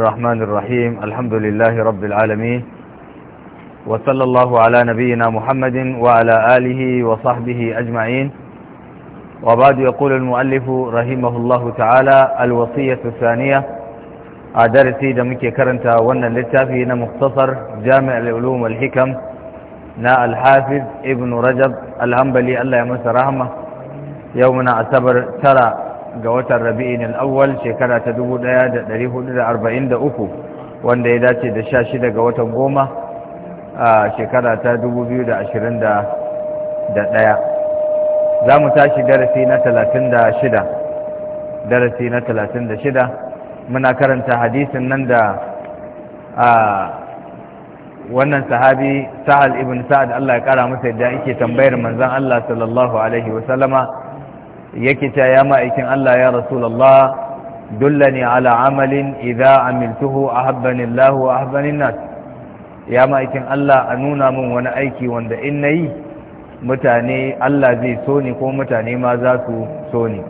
الرحمن الرحيم الحمد لله رب العالمين وصلى الله على نبينا محمد وعلى آله وصحبه أجمعين وبعد يقول المؤلف رحمه الله تعالى الوصية الثانية أدرسي دمك كرنتا وانا للتافينا مختصر جامع العلوم والحكم نا الحافظ ابن رجب الهنبلي الله يمس رحمه يومنا أسبر ترى ga watan rabi'in al'awwal shekara ta 1443 wanda ya dace da 16 ga watan goma a shekara ta 2021 za mu tashi darasi na 36 darasi na 36 muna karanta hadisin nan da a wannan sahabi sahal ibn sa'ad Allah ya kara masa yadda yake tambayar manzon Allah sallallahu alaihi wa wasallama yake ta ya ma'aikin Allah ya Rasulallah dullani ala amalin idza amiltuhu ahabbani Allah a ahabbani nas ya ma'aikin Allah a nuna min wani aiki wanda in yi mutane Allah zai so ni ko mutane ma za su so ni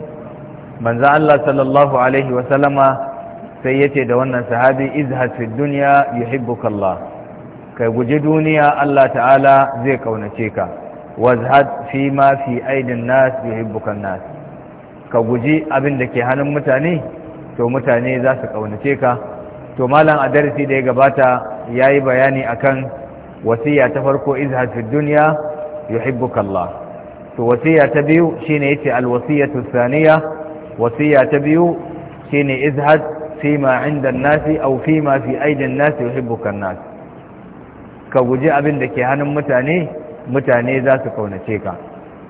Allah sallallahu alaihi wa sallama sai yace da wannan sahabi izhad fi duniya ya Allah kai guji duniya Allah ta'ala zai kaunace ka wazhad fi ma fi aidin nas yuhibbuka nas ka guji abin da ke hannun mutane to mutane za su ƙaunace ka to malam a darasi da ya gabata ya yi bayani akan wasiya ta farko izhar fi duniya yuhibbuka Allah to wasiya ta biyu shine yace alwasiyatu thaniya wasiya ta biyu shine izhad fi ma inda an-nasi au fi ma fi aidi an-nasi yuhibbuka an-nas ka guji abin da ke hannun mutane mutane za su kaunace ka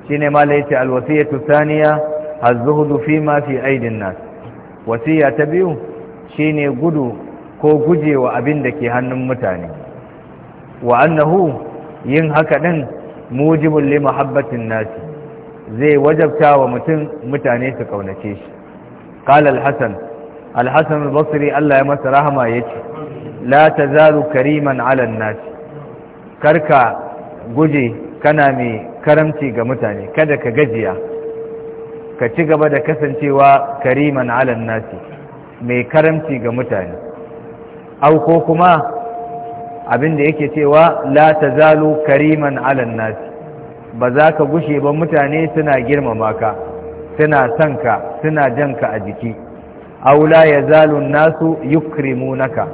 shine malai yace alwasiyatu thaniya az fi ma fi aidin nas wasiya ta biyu shine gudu ko gujewa abin da ke hannun mutane wa annahu yin haka din mujibul li muhabbatin nas zai wajabta wa mutum mutane su kaunace shi qala al-hasan al-hasan al-basri Allah ya masa rahama yace la tazalu kariman ala an-nas karka guje kana mai karamci ga mutane kada ka gajiya ka ci gaba da kasancewa kariman alan nasi mai karamci ga mutane au kuma abin da yake cewa la zalu kariman alan nasi ba za ka gushe ba mutane suna girmama ka suna son ka suna jan ka a jiki au ya zalun nasu naka.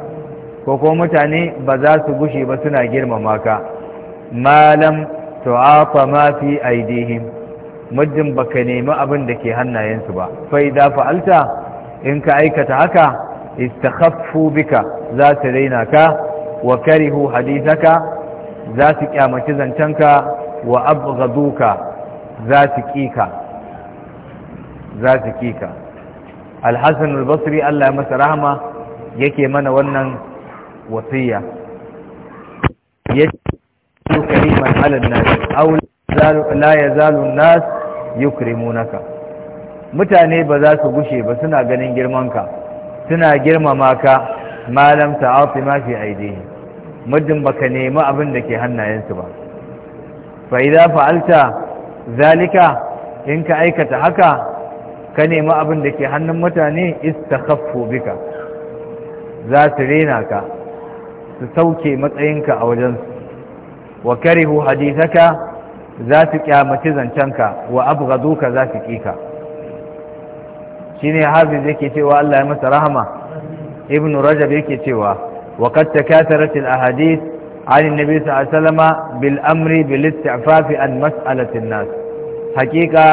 ko ko mutane ba za su gushe ba suna girmama ka malam to afa mafi aidihim muddin baka nemi abin da ke hannayensu ba fai fa'alta in ka aikata haka istakhaffu bika za su raina ka wa karihu hadithaka za su kyamaci zancenka wa abghaduka za su kika za su kika al al-basri Allah ya masa rahama yake mana wannan wasiya yace kariman ala nas aula la yazalu nas yukrimunaka mutane ba za su gushe ba suna ganin girmanka suna girmama ka malam ta'ati ma fi aidihi muddin baka nemi abin da ke hannayensu ba fa idza fa'alta zalika in ka aikata haka ka nemi abin da ke hannun mutane istakhaffu bika za su rena ka su sauke matsayinka a wajensu wa karihu hadithaka za su kyamaci zancenka wa abgaduka za su ƙika shine hafiz yake cewa Allah ya masa rahama ibn rajab yake cewa wa qad takatharat al ahadith an annabi sallallahu bil amri bil isti'faf an mas'alati an nas haqiqa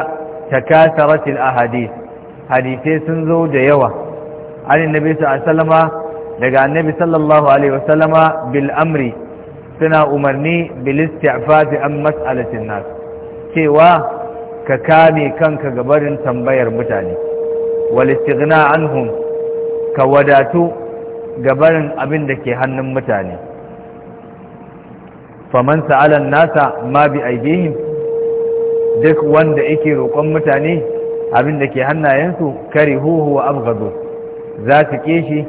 takatharat al ahadith hadisi sun zo da yawa an annabi sallallahu alaihi daga annabi sallallahu alaihi wasallama bil amri suna umarni bilistifafi an mas'alatin nas cewa ka kame kanka gabarin tambayar mutane walistighna anhum ka wadatu gabarin abin da ke hannun mutane faman sa'alan nasa ma bi aidihim duk wanda yake roƙon mutane abin da ke hannayensu karihuhu wa abghadu za su kishi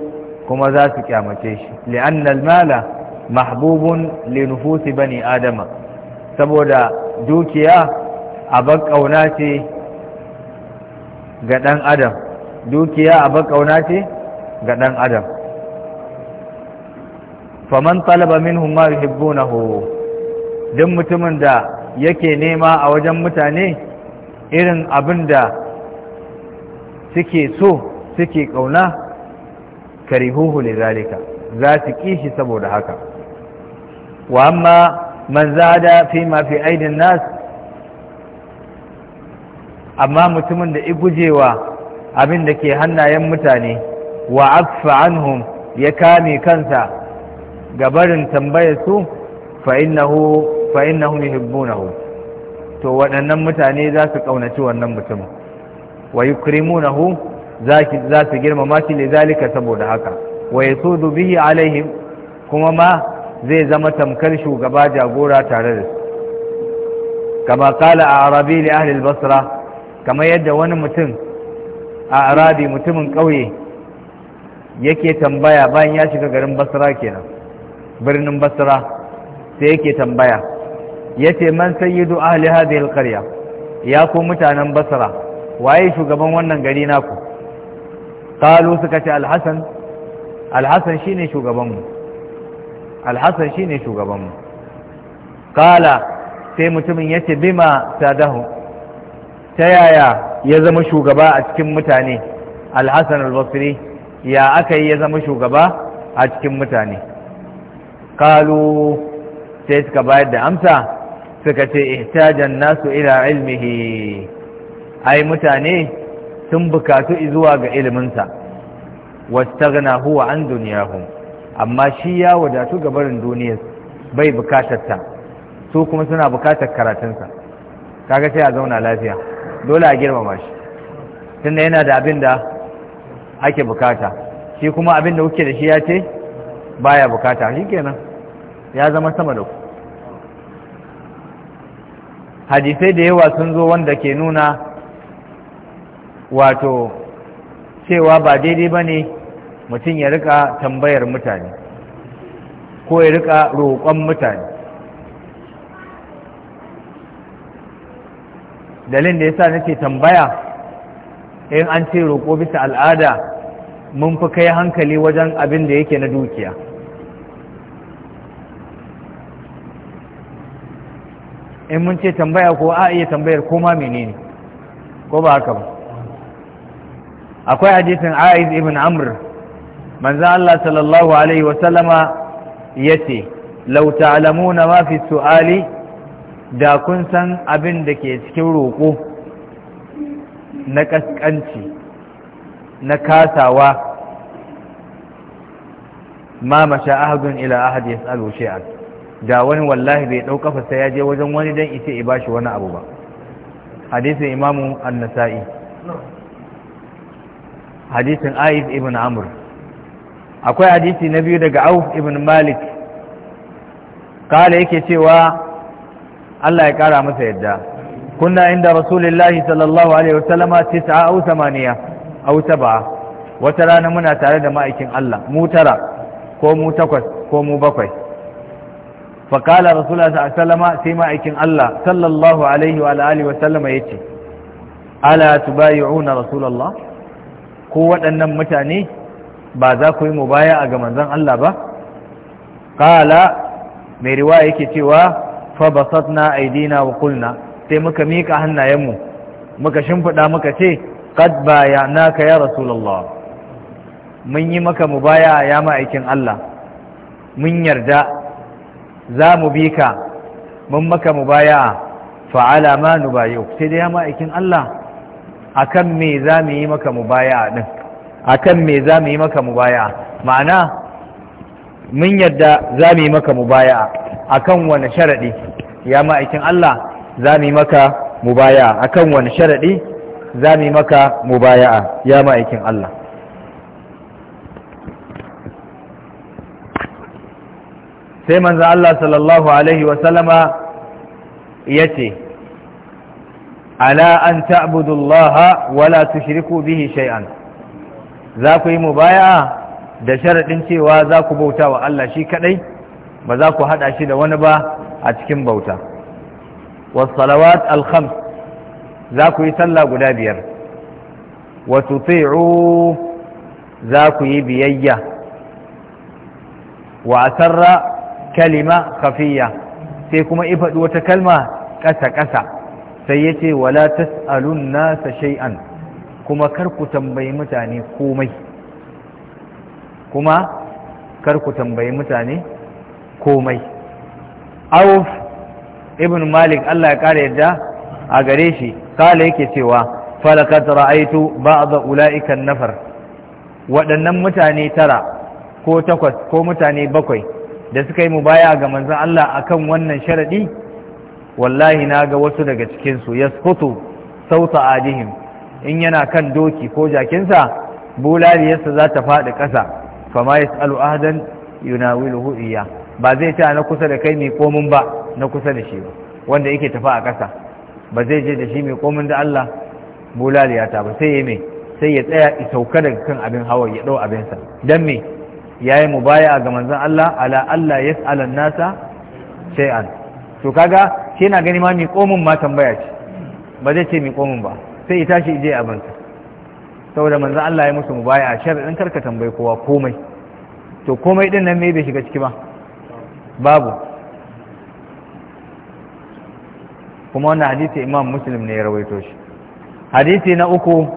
kuma za su kyamace shi li'anna al-mala mahbubun linufusi bani adama saboda dukiya abar ƙauna ce ga ɗan adam dukiya abar ƙauna ce ga ɗan adam faman talaba minhum ma yuhibbunahu duk mutumin da yake nema a wajen mutane irin abin da suke so suke ƙauna karihuhu lizalika za su ƙi shi saboda haka وأما من زاد فيما في أيدي الناس amma mutumin da i gujewa abin da ke hannayen mutane wa afa anhum ya kame kansa ga barin tambayar su fa innahu fa innahum yuhibbunahu to waɗannan mutane za su kaunaci wannan mutum wa yukrimunahu za su girmama shi zalika saboda haka wa yasudu bihi alaihim kuma ma zai zama tamkar shugaba jagora tare da su kama kala a arabi li ahli basra kamar yadda wani mutum a arabi mutumin ƙauye yake tambaya bayan ya shiga garin basra kenan birnin basra sai yake tambaya yace man sayyidu ahli hadhihi alqarya ya ku mutanen basra waye shugaban wannan gari naku qalu suka ce alhasan alhasan shine shugabanmu Alhasan shi ne shugabanmu kala sai mutumin ya ce bima sadahu ta yaya ya zama shugaba a cikin mutane alhassan albasri ya aka yi ya zama shugaba a cikin mutane kalu sai suka bayar da amsa suka ce ihtajan nasu ila ilmihi ai mutane sun bukatu zuwa ga iliminsa wastagna huwa an duniyahum amma shi ya wadatu ga barin duniyar bai bukatar ta su kuma suna bukatar karatunsa kaga sai a zauna lafiya dole a girmama shi tunda yana da abin da ake bukata shi kuma abin da kuke da shi ya ce baya bukata shi kenan ya zama sama da ku hadisai da yawa sun zo wanda ke nuna wato cewa ba daidai ba ne mutum ya rika tambayar mutane ko ya rika roƙon mutane dalilin da ya sa nake tambaya in an ce roƙo bisa al'ada mun fi kai hankali wajen abin da yake na dukiya in mun ce tambaya ko a iya tambayar koma menene ko ba haka ba akwai hadisin a'iz ibn amr manzan Allah sallallahu alaihi wasallama ya ce lau ta'lamuna ma fi su'ali da kun san abin da ke cikin roƙo na ƙasƙanci na kasawa ma masha ahadun ila ahad ya tsalo shi'an da wani wallahi bai ɗau kafa ya je wajen wani don ita ya bashi wani abu ba hadisin imamu annasa'i hadisin aif ibn amr akwai hadisi na biyu daga auf ibn malik kala yake cewa Allah ya kara masa yadda kunna inda rasulullahi sallallahu alaihi wasallama tis'a aw samaniya aw sab'a wata rana muna tare da ma'aikin Allah mu tara ko mu takwas ko mu bakwai fa kala rasulullahi sallallahu sai ma'aikin Allah sallallahu alaihi wa alihi wasallama yace ala tubayi'una rasulullah ko waɗannan mutane ba za ku yi mubaya baya ga manzon Allah ba qala mai riwaya yake cewa fa basatna aidina wa qulna sai muka mika hannayenmu muka shimfiɗa muka ce qad bayanaka ya rasulullah mun yi maka mubaya ya ma'aikin Allah mun yarda za mu bi ka mun maka mubaya ala ma nubayu sai dai ya ma'aikin Allah akan me za mu yi maka mubaya din akan me za mu yi maka mubaya ma'ana mun yadda za mu yi maka mubaya akan wani sharaɗi ya ma'aikin Allah za mu yi maka mubaya akan wani sharaɗi za mu yi maka mubaya ya ma'aikin Allah sai manzan Allah sallallahu Alaihi wasallama ya ce ala an ta'budullaha wala tushriku bihi shay'an za ku yi baya da sharaɗin cewa za ku bauta wa Allah shi kaɗai ba za ku haɗa shi da wani ba a cikin bauta wasalawat alhams za ku yi sallah guda biyar wasu tsiru za ku yi biyayya wa asarra kalima kafiya sai kuma ifaɗi wata kalma ƙasa-ƙasa sai yace, wala tas'alun nasa shay'an kuma kar ku tambayi mutane komai kuma kar tambayi mutane komai auf ibn malik Allah ya kare yadda a gare shi kala yake cewa falakat ra'aitu ba'dha ulaika nafar waɗannan mutane tara ko takwas ko mutane bakwai da suka yi mu baya ga manzon Allah akan wannan sharadi wallahi naga wasu daga cikin su yaskutu sauta adihim in yana kan doki ko jakinsa bulaliyarsa za ta faɗi ƙasa fama ya tsalu ahadan yunawilu iya ba zai ta na kusa da kai mai komin ba na kusa da shi ba wanda yake tafa a ƙasa ba zai je da shi mai komin da Allah bulaliya ta ba sai ya mai sai ya tsaya ya sauka daga kan abin hawa ya ɗau abinsa don me ya yi mubaya ga manzan Allah ala Allah ya tsalan nasa an. to kaga shi na gani ma mai komin ma tambaya ce ba zai ce mai komin ba sai ya tashi je abinsa saboda manzo Allah ya musu mubaya sharadin karka tambayi kowa komai to komai din nan me bai shiga ciki ba babu kuma wannan hadisi imam muslim ne ya rawaito shi hadisi na uku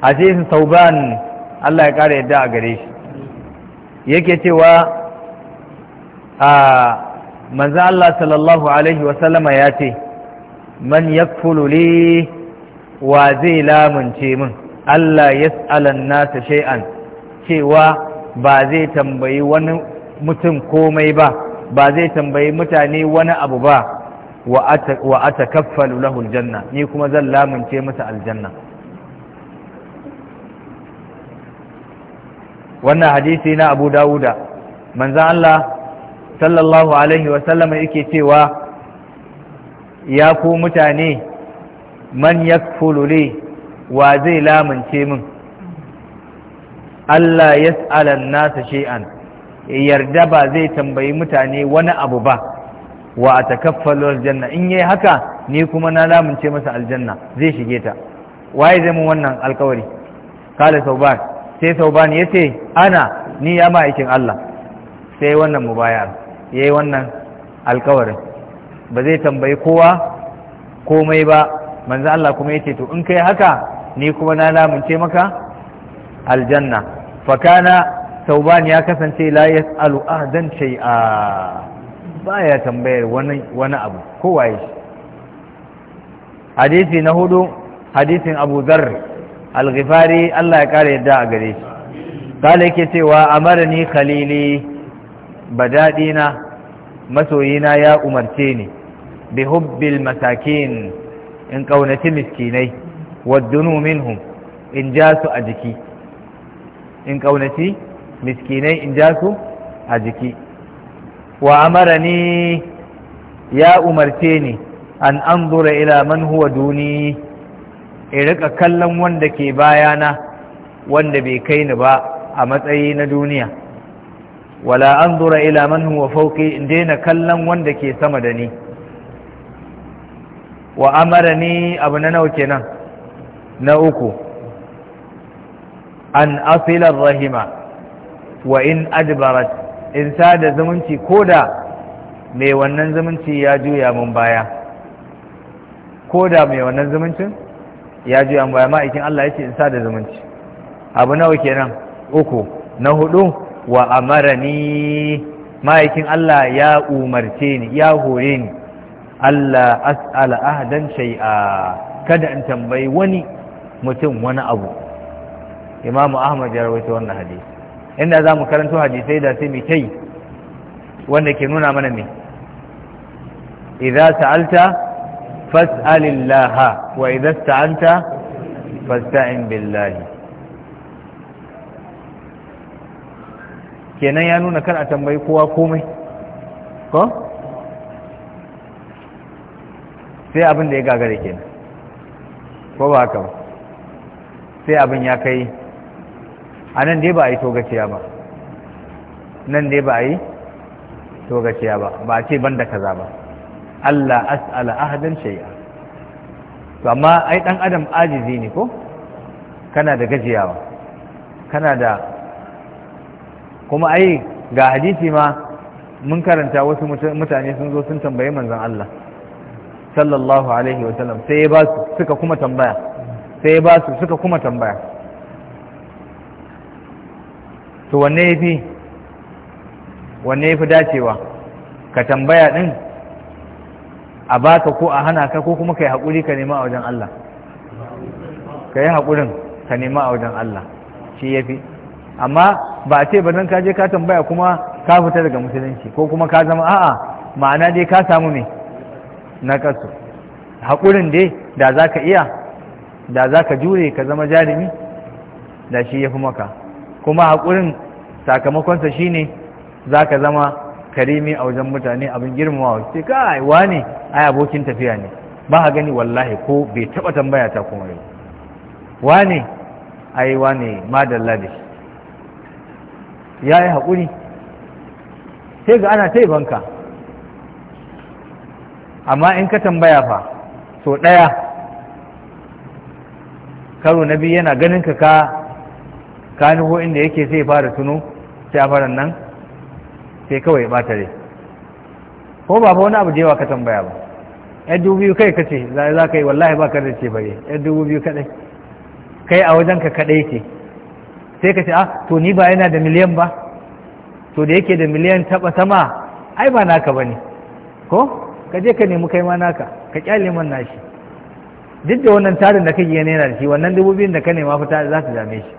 hadisi sauban Allah ya kara yadda a gare shi yake cewa a manzo Allah sallallahu alaihi wasallama ya ce man yakfulu li wa zai lamunce min Allah ya tsalan nasa shay'an cewa ba zai tambayi wani mutum komai ba ba zai tambayi mutane wani abu ba wa a ta kaffalu lahu janna, ni kuma zan lamunce masa aljanna wannan hadisi na Abu Dawuda manzan Allah sallallahu alaihi wa yake cewa ya ku mutane man yakfulu li wa zai lamunce min Allah ya yas'alan nasa she'an. yarda ba zai tambayi mutane wani abu ba wa a atakaffalu aljanna in yi haka ni kuma na lamunce masa aljanna zai shige ta waye zai mun wannan alkawari kala ba sai Ya ce ana ni ya ma'aikin Allah sai wannan mubayar yi wannan alkawarin ba zai tambayi kowa komai ba manzo Allah kuma yace to in kai haka ni kuma na lamunce maka aljanna fa kana tauban ya kasance la yasalu ahdan shay'a baya tambayar wani wani abu ko waye hadisi na hudu hadisin Abu Dharr al-Ghifari Allah ya kare yadda a gare shi kale yake cewa amarni khalili badadina masoyina ya umarce ni bi hubbil masakin in ƙaunaci miskinai waddunu minhum in ja a jiki in ƙaunaci miskinai in ja su a jiki wa amara ni ya umarce ni an anzura ila man huwa duni in rika kallon wanda ke bayana wanda bai kai ni ba a matsayi na duniya wala anzura ila man huwa fauki in daina kallon wanda ke sama da ni wa ni abu na nawa kenan na uku an asilar rahima wa in adbarat in sa da zumunci koda mai wannan zumunci ya juya mun baya koda mai wannan zumuncin ya juya mun baya ma'aikin Allah ya ce in da zumunci abu nawa kenan uku na hudu wa ni. ma'aikin Allah ya umarce ni ya hore ni Allah as'ala ahadan shay'a kada in tambayi wani mutum wani abu Imam Ahmad ya rawaito wannan hadisi inda za mu karanto hadisai da sai mu kai wanda ke nuna mana ne idza sa'alta fas'alillah wa idza sta'anta fasta'in billahi kenan ya nuna kar a tambayi kowa komai ko sai abin da ya gagare kenan ko ba haka ba sai abin ya kai a nan dai ba a yi togaciya ba nan dai ba a yi togaciya ba ba a ce ban da kaza ba Allah as'ala ahadan shay'a to amma ai dan adam ajizi ne ko kana da gajiyawa kana da kuma ai ga hadisi ma mun karanta wasu mutane sun zo sun tambaye manzon Allah sallallahu alaihi wa sallam sai ya ba su suka kuma tambaya sai ya ba su suka kuma tambaya to wanne yafi wanne yafi dacewa ka tambaya din a baka ko a hana ka ko kuma kai hakuri ka nema a wajen Allah kai hakurin ka nema a wajen Allah shi yafi amma ba a ce ba dan ka je ka tambaya kuma ka fita daga musulunci ko kuma ka zama a'a ma'ana dai ka samu me na kasu haƙurin dai da za ka iya da za ka jure ka zama jarumi da shi ya fi maka kuma haƙurin sakamakonsa shine za ka zama karimi a wajen mutane abin girmama wa ce kai wane ai abokin tafiya ne ba a gani wallahi ko bai taba tambaya ta kuma yau wane ai wane madalla da shi ya yi haƙuri sai ga ana taibanka banka amma in ka tambaya fa so ɗaya karo na biyu yana ganin ka ka ka inda yake sai fara tuno sai a faran nan sai kawai ba rai ko ba wani abu jewa ka tambaya ba yan dubu biyu kai kace za ka yi wallahi ba ka da ce bare yan dubu biyu kadai kai a wajen ka kadai ke sai ka ce ah to ni ba yana da miliyan ba to da yake da miliyan taba sama ai ba naka bane ko ka je ka nemi kai ma naka ka kyale man nashi duk da wannan tarin da kai yana yana da shi wannan dubu biyun da ka nema fita za ta dame shi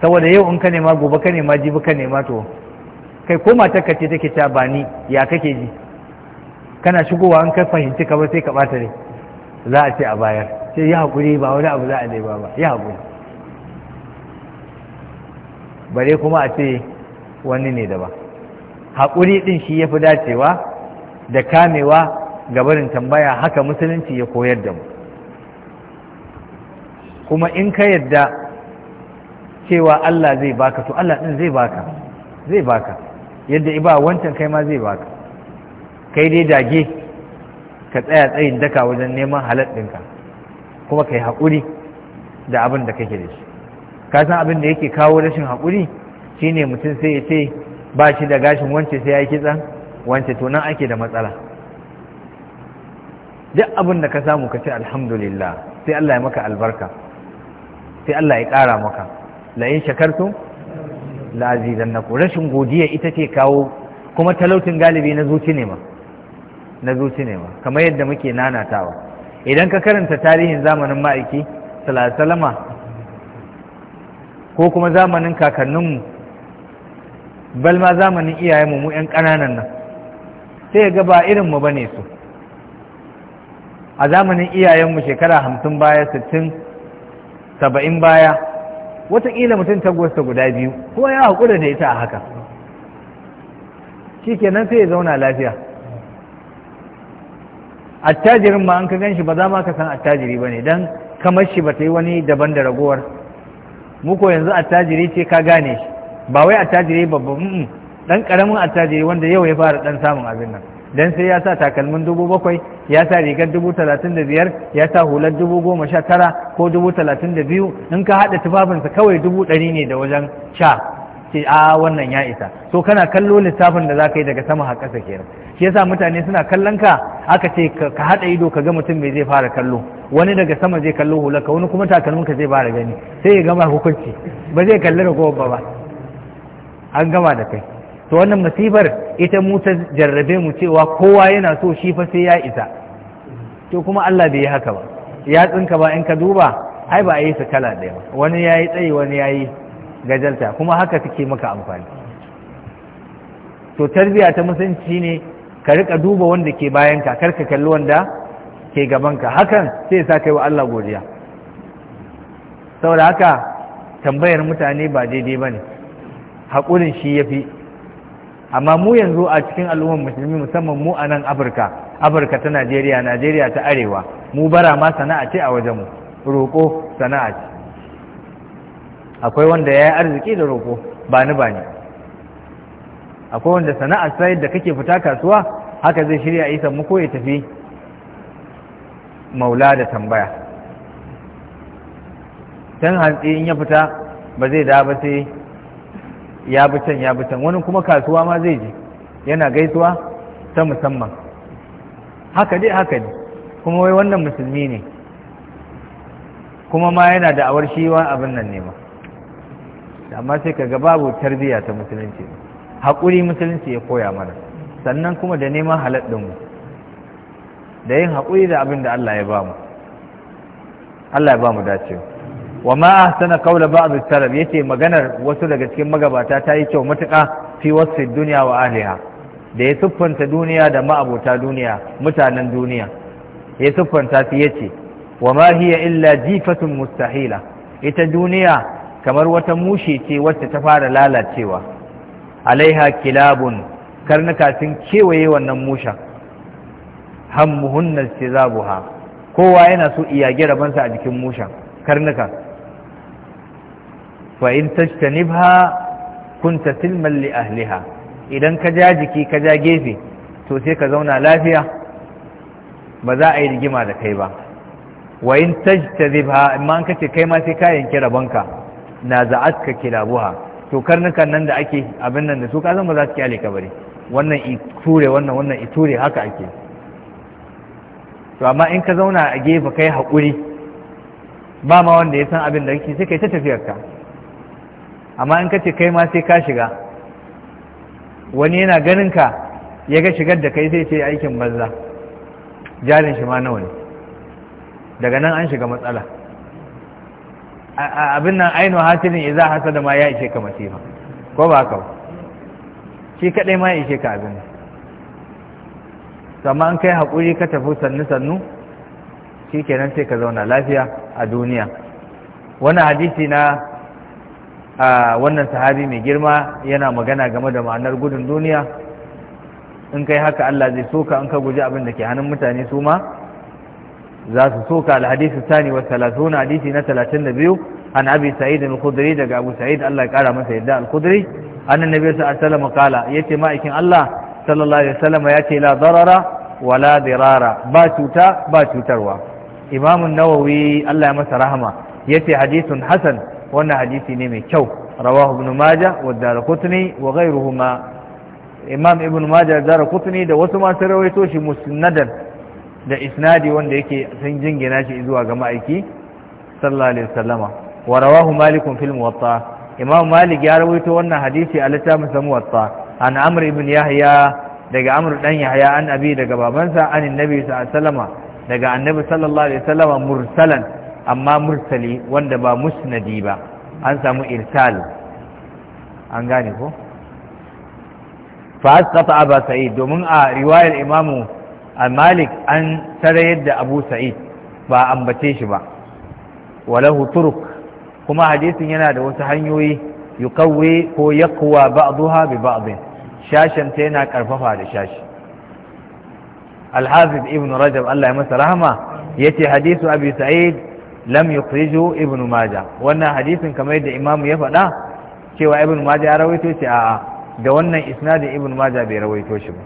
saboda yau in ka nema gobe ka nema jibi ka nema to kai ko ka ce take ta ba ni ya kake ji kana shigowa an ka fahimci ka ba sai ka bata ne za a ce a bayar sai ya hakuri ba wani abu za a ba ba ya hakuri. bare kuma a ce wani ne da ba Hakuri din shi ya fi dacewa da kamewa ga barin tambaya haka musulunci ya koyar da mu kuma in ka yadda cewa Allah zai baka to Allah ɗin zai baka zai baka yadda iba wancan kai ma zai baka kai dai dage ka tsaya tsayin daka wajen neman halar ɗinka kuma ka yi haƙuri da abin da kake da shi ka san abin da yake kawo rashin hakuri shine mutum sai ya ce ba shi da gashin wance sai ya yi kitsan wance to nan ake da matsala duk abin da ka samu ka ce alhamdulillah sai Allah ya maka albarka sai Allah ya ƙara maka la in shakartum la azidannakum rashin godiya ita ce kawo kuma talautin galibi na zuci ne ma na zuci ne ma kamar yadda muke nanatawa idan ka karanta tarihin zamanin ma'aiki salama ko kuma zamanin kakanninmu bal ma zamanin iyayenmu mu 'yan ƙananan nan sai ga ba irinmu ba ne su a zamanin iyayenmu shekara hamsin baya sittin saba'in baya wataƙila mutum ta tagwasta guda biyu ko ya haƙura da ita a haka shi kenan sai ya zauna lafiya attajirin ma an ka gan shi ba za ma ka san attajiri ba ne don kamar shi ba ta yi wani daban da ragowar muku yanzu attajiri ce ka gane shi ba wai attajiri babban dan karamin attajiri wanda yau ya fara dan samun abin nan dan sai ya sa takalmin dubu bakwai ya sa rigar dubu talatin da biyar ya sa hular dubu goma sha tara ko dubu talatin da biyu in ka haɗa tufafinsa kawai dubu ɗari ne da wajen sha ce a wannan ya isa so kana kallo littafin da za ka yi daga sama har ƙasa kenan shi yasa mutane suna kallon ka aka ce ka haɗa ido ka ga mutum mai zai fara kallo wani daga sama zai kallo hular ka wani kuma takalmin ka zai fara gani sai ya gama hukunci ba zai kalli da ba ba an gama da kai to wannan masifar ita mu ta jarrabe mu cewa kowa yana so shi fa sai ya isa to kuma Allah bai yi haka ba ya tsinka ba in ka duba ai ba a yi su kala ɗaya ba wani ya yi tsayi wani ya yi gajalta kuma haka take maka amfani to tarbiya ta musanci ne ka rika duba wanda ke bayanka kar ka kalli wanda ke gabanka hakan sai sa kai wa Allah godiya saboda haka tambayar mutane ba daidai ba ne haƙurin shi ya fi amma mu yanzu a cikin al'ummar musulmi musamman mu a nan afirka afirka ta najeriya najeriya ta arewa mu bara ma sana'a ce a wajen mu roƙo sana'a ce akwai wanda ya yi arziki da roƙo ba ni ba ni akwai wanda sana'a sayar da kake fita kasuwa haka zai shirya isa mu ko ya tafi maula da tambaya can hantsi in ya fita ba zai da ba sai ya bi can ya bi can wani kuma kasuwa ma zai je yana gaisuwa ta musamman haka dai haka ne kuma wai wannan musulmi ne kuma ma yana da awar shi wa abin nan ne ma amma sai ka babu tarbiyya ta musulunci haƙuri musulunci ya koya mana sannan kuma da neman haladdinmu mu da yin haƙuri da abin da Allah ya ba mu Allah ya ba mu dacewa wa ma ba abu salam ya ce maganar wasu daga cikin magabata ta yi kyau matuka fi wasu duniya wa ahliha da ya siffanta duniya da ma'abota duniya mutanen duniya ya siffanta su ce wa ma hiya illa jifatun mustahila ita duniya kamar wata mushe ce wacce ta fara lalacewa alaiha kilabun karnuka sun kewaye wannan mushen hammuhunna istizabuha kowa yana so iyage rabansa a jikin mushan. karnuka fa in tajtanibha kunta silman li ahliha idan ka ja jiki ka ja gefe to sai ka zauna lafiya ba za a yi rigima da kai ba wa in tajtazibha amma an ce kai ma sai ka rabon ka na za'atka kilabuha to karnukan nan da ake abin nan da su ka ba za su kyale ka wannan iture wannan wannan iture haka ake to amma in ka zauna a gefe kai haƙuri ba ma wanda ya san abin da kake sai kai ta tafiyarka amma in ka ce kai ma sai ka shiga wani yana ganin ka ya ga shigar da kai sai ce aikin banza jarin shi ma nawa ne daga nan an shiga matsala abin nan ainihin hasirin iza hasada ma ya ishe ka masifa ko ba ka shi kaɗai ma ya ishe ka abin amma an kai haƙuri ka tafi sannu-sannu shi kenan sai ka zauna lafiya a duniya wani hadisi na a wannan sahabi mai girma yana magana game da ma'anar gudun duniya in kai haka Allah zai soka in ka guji abin da ke hannun mutane su ma za su soka alhadisi sani wa talatun hadisi na talatin da biyu an abi sa'id al-khudri daga abu sa'id Allah ya kara masa yadda al-khudri annan nabi sallallahu alaihi wasallam kala yace ma'aikin Allah sallallahu alaihi wasallam yace la darara la dirara ba cuta ba cutarwa imamun nawawi Allah ya masa rahama yace hadisun hasan wannan hadisi ne mai kyau rawahu ibn majah wa darqutni wa ghayruhuma imam ibn majah darqutni da wasu masu rawaito shi musnadan da isnadi wanda yake san jingina shi zuwa ga ma'aiki sallallahu alaihi wasallama wa rawahu malik fil muwatta imam malik ya rawaito wannan hadisi a littafin sa muwatta an amr ibn yahya daga amr dan yahya an abi daga babansa an annabi sallallahu alaihi wasallama daga annabi sallallahu alaihi wasallama mursalan amma mursali wanda ba musnadi ba an samu irsal an gane ko aba sa'id domin a riwayar imamu malik an sarayar da abu sa'id ba ambace shi ba walahu turuk kuma hadisin yana da wasu hanyoyi yukawwi ko yakwa ba'daha bi ba'd shashin ta yana karfafa da shashi al-hafiz ibn rajab Allah ya masa rahama yace hadisu abi sa'id lam yukhrijo ibn maja wannan hadisin kamar yadda imam ya faɗa cewa ibn maja ya rawaito shi a'a da wannan isnadin ibn maja bai rawaito shi ba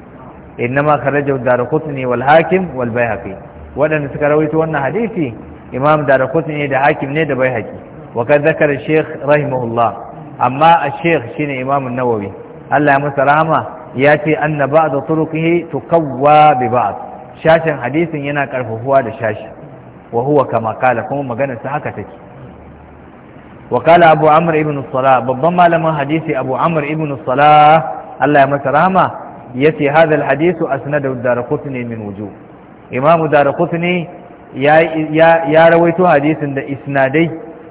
innama kharaja darqutni wal hakim wal bayhaqi waɗanda suka rawaito wannan hadisi imam darqutni da hakim ne da bayhaqi wa kad zakara shaykh rahimahullah amma ash-shaykh shine imam an-nawawi Allah ya masa rahama ya ce anna ba'd turuqihi tukawwa bi ba'd shashin hadisin yana karfafuwa da shashi wa huwa kama kala kuma magana sa haka take wa kala abu amr ibn salah babban malamin hadisi abu amr ibn salah Allah ya masa rahama yace hadha al hadisu asnadu darqutni min wujuh imamu darqutni ya ya rawaito hadisin da isnadai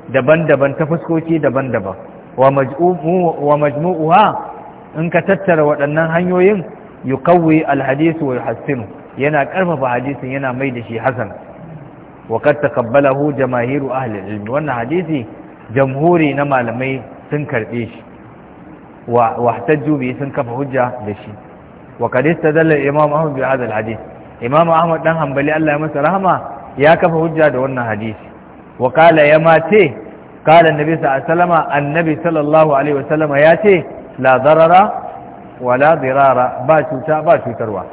daban-daban ta fuskoki daban-daban wa majmu'uha in ka tattara waɗannan hanyoyin yuqawwi al hadisu wa yuhassinu yana karfafa hadisin yana mai da shi hasan wa kad takabbalahu jamaahiru ahli ilmi wannan hadisi jamhuri na malamai sun karbe shi wa wahtajju sun kafa hujja da shi wa kad imam ahmad bi hadha alhadith imam ahmad dan hambali Allah ya masa rahma, ya kafa hujja da wannan hadisi wa kala ya mace kala annabi sallallahu alaihi wasallam annabi sallallahu alaihi wasallam ya ce la darara wala zirara. ba cuta ba cutarwa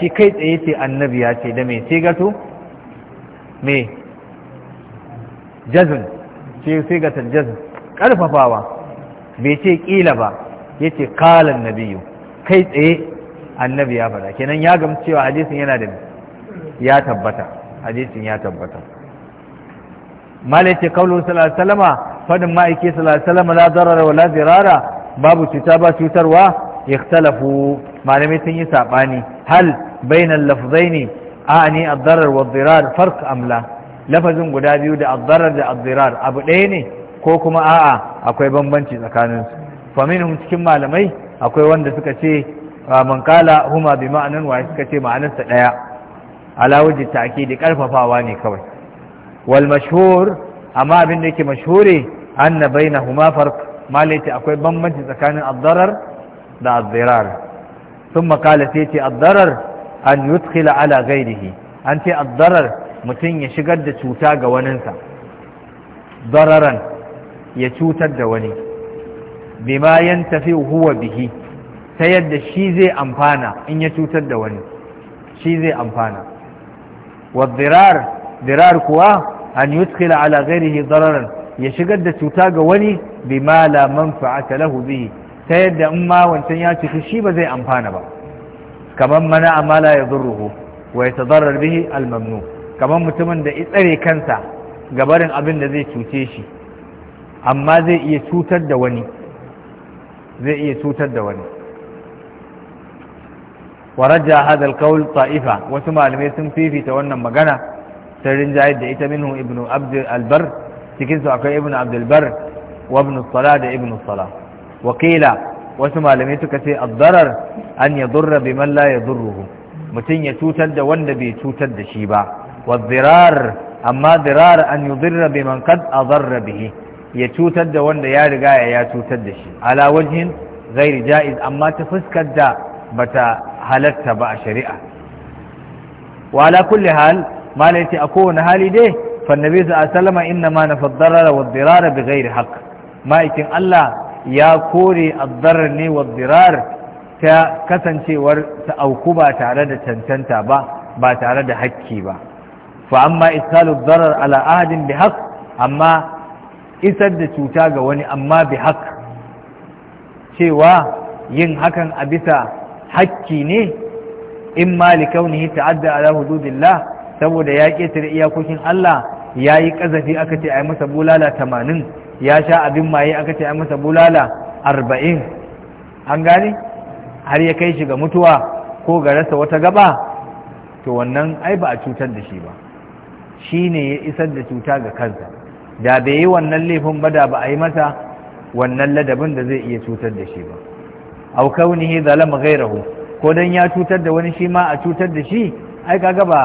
shi kai tsaye ce annabi ya ce da mai sai gato me jazm ce sai ga jazm karfafawa bai ce kila ba yace qala nabiyu kai tsaye annabi ya faɗa kenan ya gamsu cewa hadisin yana da ya tabbata hadisin ya tabbata malaiti kaulu sallallahu alaihi wasallama fadin ma'aiki sallallahu alaihi wasallama la darara wa la dirara babu cuta ba cutarwa ikhtalafu malamai sun yi sabani hal bainal lafzaini A'a ne darar wa fark dirar lafazin guda biyu da ad da ad abu ɗaya ne ko kuma a'a akwai bambanci tsakaninsu, fa cikin malamai akwai wanda suka ce man kala huma bi ma'anan waye suka ce ma'anar sa ɗaya ala wajhi ta'kidi karfafawa ne kawai wal mashhur amma abin da yake mashhure anna huma fark malaiti akwai bambanci tsakanin ad da ad sun makala sai ce الضرر an yudkhila ala gairihi an ce addarar mutum ya shigar da cuta ga waninsa dararan ya cutar da wani bima yantafi huwa bihi ta yadda shi zai amfana in ya cutar da wani shi zai amfana wa dirar dirar kuwa an yudkhila ala gairihi dararan ya shigar da cuta ga wani bima la manfa'ata lahu bihi ta yadda in ma wancan ya cutu shi ba zai amfana ba kamar mana amala la ya zurruhu wa ya tazarar bihi almamnu kamar mutumin da tsare kansa barin abin da zai cuce shi amma zai iya cutar da wani zai iya cutar hadal qaul ta'ifa wasu malamai sun fifita wannan magana ta rinjaye da ita minhu ibnu abd albar cikin su akwai ibnu abd albar wa da ibnu Wakila. wasu malamai suka ce addarar an ya durra bi man la ya durruhu mutum ya cutar da wanda bai cutar da shi ba wa dirar amma dirar an yudirra bi man kad adarra bihi ya cutar da wanda ya riga ya cutar da shi ala wajhin ghairi jaiz amma ta fuskar da bata halatta ba a shari'a wa ala kulli hal malai ce a kowane hali dai fa annabi sallallahu alaihi wasallam inna ma nafaddara wa dirara bi ghairi haqq ma'aikin Allah ya kore addarar ne wa dirar ta kasancewar ta auku ba tare da cancanta ba ba tare da hakki ba fa amma isalu darar ala ahadin bi haq amma isar da cuta ga wani amma bi haq cewa yin hakan a bisa hakki ne in ma ta'adda ala hududillah saboda ya ƙetare iyakokin Allah ya yi ƙazafi aka ce a masa bulala tamanin ya sha abin maye aka ce an masa bulala arba'in an gane har ya kai shi ga mutuwa ko ga rasa wata gaba to wannan ai ba a cutar da shi ba shi ne ya isar da cuta ga kansa da bai yi wannan laifin ba da ba a yi masa wannan ladabin da zai iya cutar da shi ba au kaunihi zalama ghairahu ko dan ya cutar da wani shi ma a cutar da shi ai kaga ba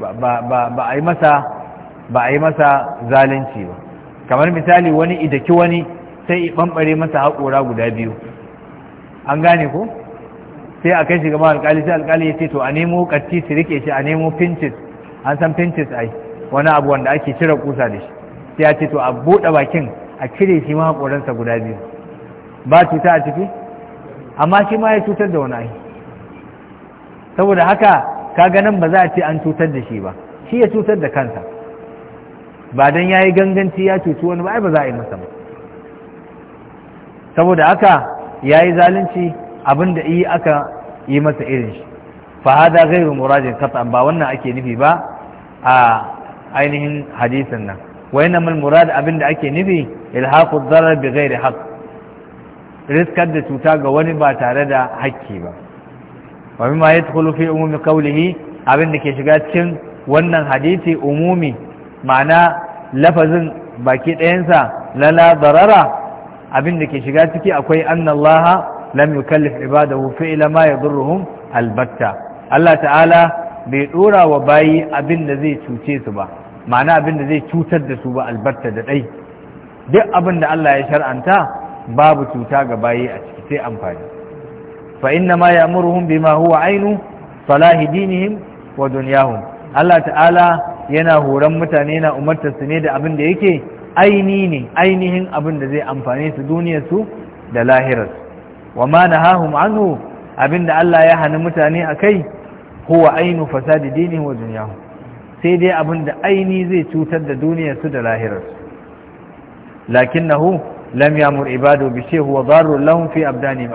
ba ba ba a masa ba a yi masa zalunci ba kamar misali wani idaki wani sai i bambare masa haƙora guda biyu an gane ko sai a kai shi gaba alƙali sai alƙali ya ce to a nemo ƙarci su rike shi a nemo pinches an san pinches ai wani abu wanda ake cire kusa da shi sai ya ce to a buɗe bakin a cire shi ma haƙoransa guda biyu ba cuta a ciki amma shi ma ya cutar da wani ai saboda haka ka ganin ba za a ce an cutar da shi ba shi ya cutar da kansa ba don ya yi ganganci ya cuci wani ba ai ba za a yi masa ba saboda aka ya yi zalunci abinda da iya aka yi masa irin shi fa hada gairu muradin qat'an ba wannan ake nufi ba a ainihin hadisin nan wa yana mal murad abin da ake nufi ilhaqu darar bi gairi haqq riskar da cuta ga wani ba tare da hakki ba wa mimma yadkhulu fi umumi qawlihi abin da ke shiga cikin wannan hadisi umumi ma'ana lafazin baki ɗayansa lala darara abin da ke shiga ciki akwai annallaha lam yukallif ibadahu fi'la ma yadurruhum albatta Allah ta'ala bai dora wa bayi abin da zai cuce su ba ma'ana abin da zai cutar da su ba albatta da dai duk abinda Allah ya shar'anta babu cuta ga bayi a ciki sai amfani fa inna ma ya'muruhum bima huwa ainu salahi dinihim wa dunyahum Allah ta'ala yana horon mutane na umartar su ne da abin da yake aini ne ainihin abin da zai amfane su duniyar su da lahirar wa ma hahu anhu abin da Allah ya hana mutane akai huwa ainu fasadi dinihi wa dunyahu sai dai abin da aini zai cutar da duniyar su da lahirar su lakinnahu lam yamur ibadu bi shay huwa darrun lahum fi abdanihim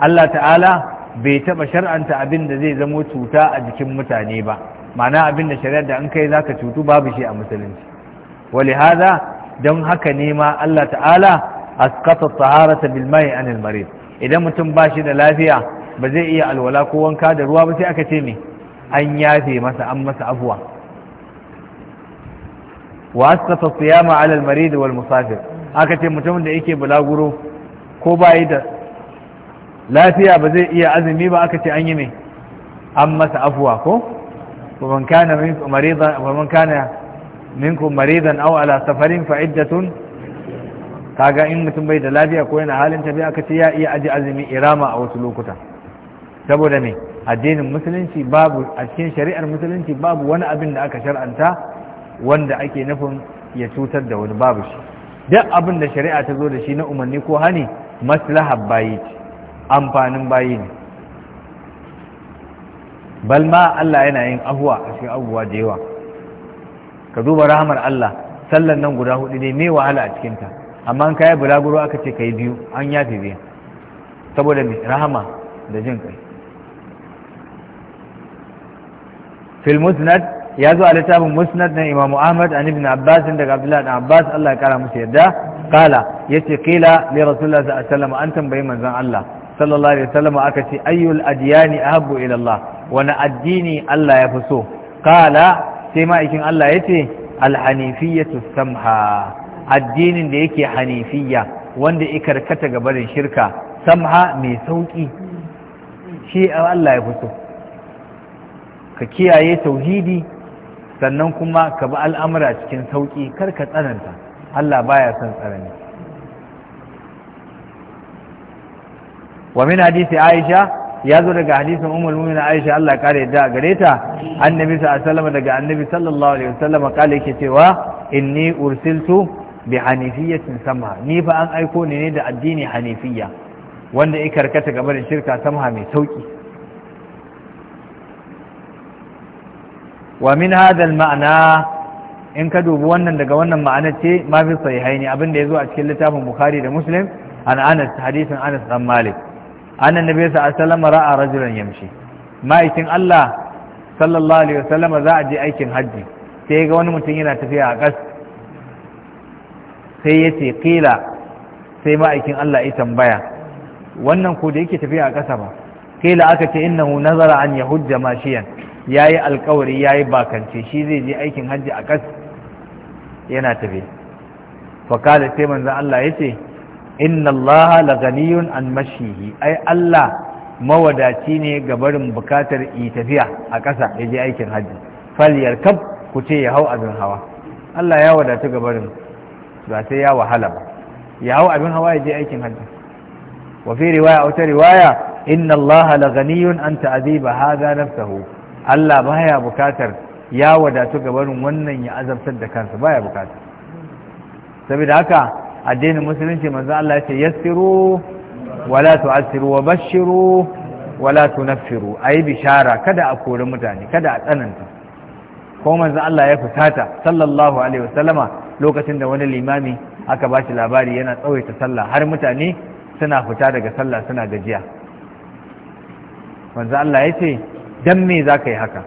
Allah ta'ala bai taɓa shar'anta abin da zai zamo cuta a jikin mutane ba ma'ana abinda shari'ar da an kai zaka cutu babu shi a musulunci wali hada don haka ne ma Allah ta'ala asqata taharata bil mai anil marid idan mutum ba shi da lafiya ba zai iya alwala ko wanka da ruwa ba sai aka ce me an yafe masa an masa afuwa wa asqata siyama ala al marid wal musafir aka ce mutum da yake bulaguro ko ba yi da lafiya ba zai iya azumi ba aka ce an yi mai an masa afuwa ko ومن كان منكم مريضا ومن كان منكم مريضا أو على سفر kaga in mutum bai da lafiya ko yana halin tafiya aka ce ya iya aji azumi irama a wasu lokuta saboda me addinin musulunci babu a cikin shari'ar musulunci babu wani abin da aka shar'anta wanda ake nufin ya cutar da wani babu shi duk abin da shari'a ta zo da shi na umarni ko hani maslaha bayi amfanin bayi ne bal ma Allah yana yin ahuwa a cikin abubuwa da yawa ka duba rahamar Allah sallan nan guda hudu ne mai wahala a cikinta amma an kayi bulaguro aka ce ka yi biyu an fi biyu saboda rahama da jin kai fil musnad ya zo a littafin musnad na imamu ahmad an ibn abbas daga abdullahi dan abbas Allah ya kara musu yadda kala yace kila li rasulullah sallallahu alaihi wasallam an tambayi manzon Allah sallallahu alaihi wasallam aka ce ayyul adyani ahabbu ila Allah wani addini Allah ya fi kala sai ma'aikin Allah ya ce alhanifiyatu samha addinin da yake hanifiya wanda ya karkata ga barin shirka samha mai sauki shi Allah ya fi ka kiyaye tauhidi sannan kuma ka bi al'amura cikin sauki kar ka tsananta Allah baya son tsananin. wa min hadisi aisha ya zo daga hadisin Umar mu'minin aisha Allah kare yadda a gare ta annabi sallallahu alaihi daga annabi sallallahu alaihi wasallam kale yake cewa inni ursiltu bi hanifiyatin sama ni fa an aiko ni ne da addini hanifiya wanda ya karkata game da shirka sama mai sauki wa min hadha ma'ana in ka dubi wannan daga wannan ma'anar ce ma fi sahihaini abinda ya zo a cikin littafin bukhari da muslim an anas hadisin anas dan malik annan nabi sa sallama ra'a rajulan yamshi ma'aikin Allah sallallahu alaihi wasallama za a je aikin hajji sai ga wani mutum yana tafiya a ƙas sai ya ce ƙila sai ma'aikin Allah ya tambaya wannan ko da yake tafiya a ƙasa ba ƙila aka ce innahu nazara an yahujja mashiyan yayi alƙawari yayi bakance shi zai je aikin hajji a ƙas yana tafi fakala sai manzon Allah ya ce inna allaha laganiyun an mashihi ai Allah mawadaci ne ga barin bukatar yi tafiya a ƙasa ya je aikin hajji faliyar kab ku ce ya hau abin hawa Allah ya wadatu ga barin ba sai ya wahala ba ya hau abin hawa ya je aikin hajji wa fi riwaya wata riwaya inna allaha laganiyun an ta'aziba hadha nafsahu Allah baya bukatar ya wadatu ga barin wannan ya azabtar da kansa baya bukatar saboda haka addinin musulunci manzo Allah ya ce yassiru wala tu'assiru wa bashiru wala tunaffiru ayi bishara kada a kori mutane kada a tsananta ko manzo Allah ya fusata sallallahu alaihi wasallama lokacin da wani limami aka ba shi labari yana tsawaita sallah har mutane suna fita daga sallah suna gajiya manzo Allah ya ce dan me za ka yi haka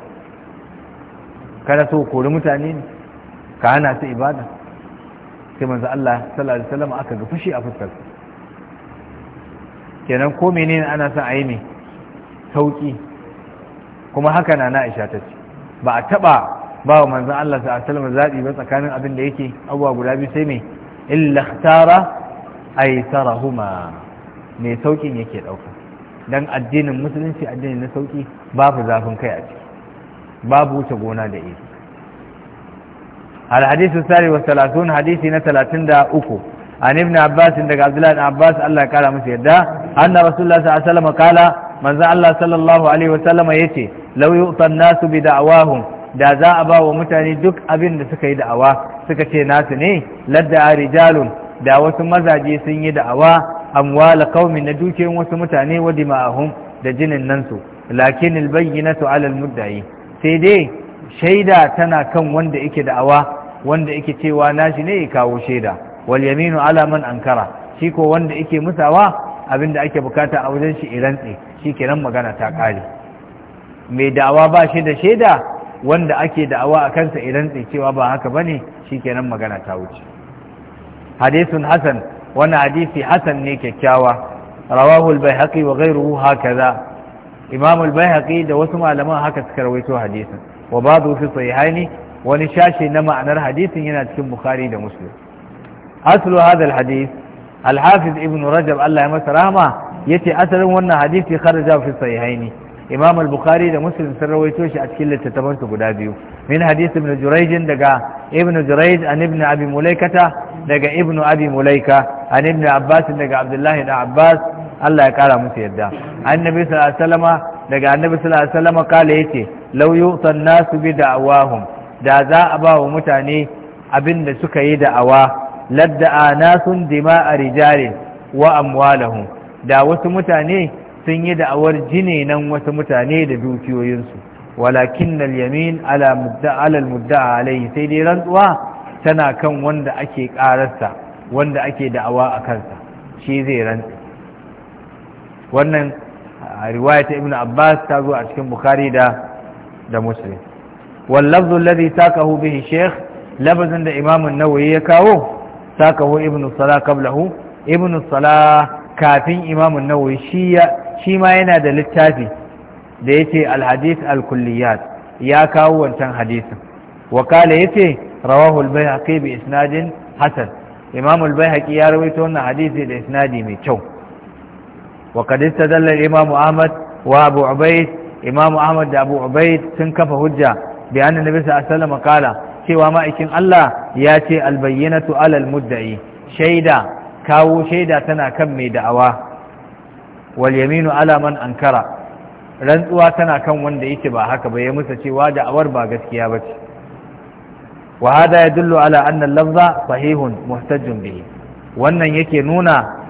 kada so kori mutane ka hana su ibada sai manzo Allah sallallahu alaihi wasallam aka ga fushi a fuskar kenan ko menene ana son ayi yi ne sauki kuma haka na na Aisha ta ce ba a taba ba wa manzo Allah sallallahu alaihi wasallam zabi ba tsakanin abin da yake abuwa guda biyu sai me illa ikhtara aisarahuma me saukin yake dauka dan addinin musulunci addini na sauki babu zafin kai a ciki babu wuce gona da iri الحديث الثالث والثلاثون حديثنا ثلاثين دا أكو عن ابن عباس عندك عبد الله بن عباس الله قال مسير دا أن رسول الله صلى الله عليه وسلم قال من زعل الله صلى الله عليه وسلم يتي لو يؤطى الناس بدعواهم da za a ba wa mutane duk abinda suka yi da'awa suka ce nasu ne ladda rijalun da wasu mazaje sun yi da'awa amwala qaumin na dukiyoyin wasu mutane wa dima'ahum da jinin nan su lakin albayyinatu ala almudda'i sai dai shaida tana kan wanda yake da'awa wanda yake cewa nashi ne ya kawo shaida wal yaminu ala man ankara shi ko wanda yake musawa abinda ake bukata a wajen shi irantsi shikenan magana ta kare mai da'awa ba shi da shaida wanda ake da'awa a kansa irantsi cewa ba haka bane shikenan magana ta wuce hadisun hasan wani hadisi hasan ne kyakkyawa rawahu al-baihaqi wa ghayruhu hakaza imam al-baihaqi da wasu malaman haka suka rawaito hadisin wa ba'du fi sahihaini wani shashe na ma'anar hadisin yana cikin bukhari da muslim asalu hadal hadis alhafiz ibn rajab allah ya masa rahama yace asalin wannan hadisi kharaja fi sahihaini imam al-bukhari da muslim sun rawaito shi a cikin littattafan su guda biyu min hadith ibn jurayj daga ibn jurayj an ibn abi mulaikata daga ibn abi mulaika an ibn abbas daga abdullahi da abbas allah ya kara musu yadda annabi sallallahu alaihi daga annabi sallallahu alaihi wasallama kale yace law yu'tan nasu bi da'awahum da za a ba wa mutane abin da suka yi da'awa ladda'a nasun a rijalin wa amwalahu da wasu mutane sun yi da'awar jine nan wasu mutane da dukiyoyinsu walakin yamin ala mudda'a alaihi sai dai rantsuwa tana kan wanda ake kararsa wanda ake da'awa a kansa shi zai rantsa wannan riwaya ta ibn abbas ta zo a cikin bukhari da da muslim واللفظ الذي ساقه به الشيخ لفظ عند إمام النووي يكاو ساقه ابن الصلاة قبله ابن الصلاة كافين إمام النووي شيا شي ما ينادى للتافي ديتي الحديث الكليات يا كاو وانتن حديثا وقال يتي رواه البيهقي بإسناد حسن إمام البيهقي يا رويتون حديثي الإسنادي ميتشو وقد استدل الإمام أحمد وأبو عبيد إمام أحمد أبو عبيد سنكف هجة bi anna nabi sallallahu kala cewa ma'aikin Allah ya ce albayyanatu alal mudda'i shaida kawo shaida tana kan mai da'awa wal yaminu ala man ankara rantsuwa tana kan wanda yake ba haka ba ya musa cewa da'awar ba gaskiya ba ce wa hada ya dullu ala annan lafza sahihun muhtajjun bihi wannan yake nuna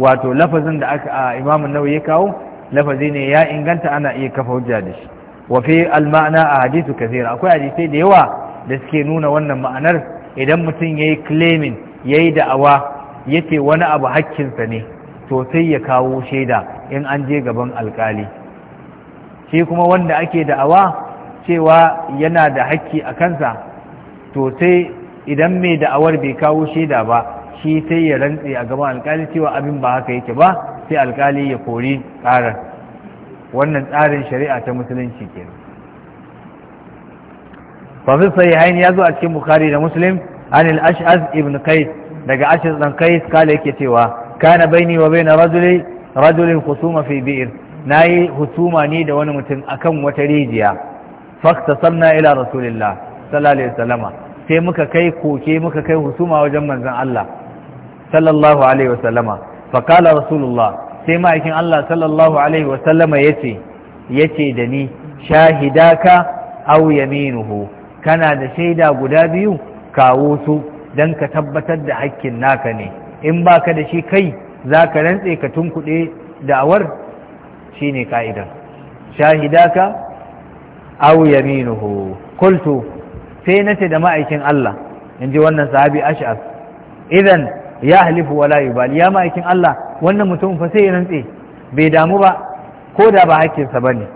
wato lafazin da aka imamu nawawi ya kawo lafazi ne ya inganta ana iya kafa hujja da shi wa fi al-ma'na ahadithu kathira akwai hadisai da yawa da suke nuna wannan ma'anar idan mutum yayi claiming yayi da'awa yace wani abu hakkinsa ne to sai ya kawo shaida in an je gaban alkali shi kuma wanda ake da'awa cewa yana da hakki a kansa to sai idan mai da'awar bai kawo shaida ba shi sai ya rantse a gaban alkali cewa abin ba haka yake ba sai alkali ya kori karar wannan tsarin shari'a ta musulunci ke fafi sahihain ya zo a cikin bukhari da muslim Anil al-ash'az ibn qais daga ash'az dan qais kale yake cewa kana baini wa baina rajuli rajulin khusuma fi bi'r nayi husuma ni da wani mutum akan wata rijiya faktasamna ila rasulillah sallallahu alaihi wasallama sai muka kai koke muka kai husuma wajen manzon Allah sallallahu alaihi wasallama فقال رسول الله sai ma'aikin Allah sallallahu alaihi wasallama ya ce ya ce da ni shahidaka au yaminuhu kana da shaida guda biyu kawo su don ka tabbatar da hakkin naka ne in ba ka da shi kai za ka rantse ka tunkuɗe da'awar shi ne ka'idar shahidaka au yaminuhu kultu sai na ce da ma'aikin Allah in ji wannan sahabi ash'ar idan ya halifu wala yubali ya ma'aikin Allah wannan mutum fa sai ya rantse bai damu ba ko da ba hakkinsa ba ne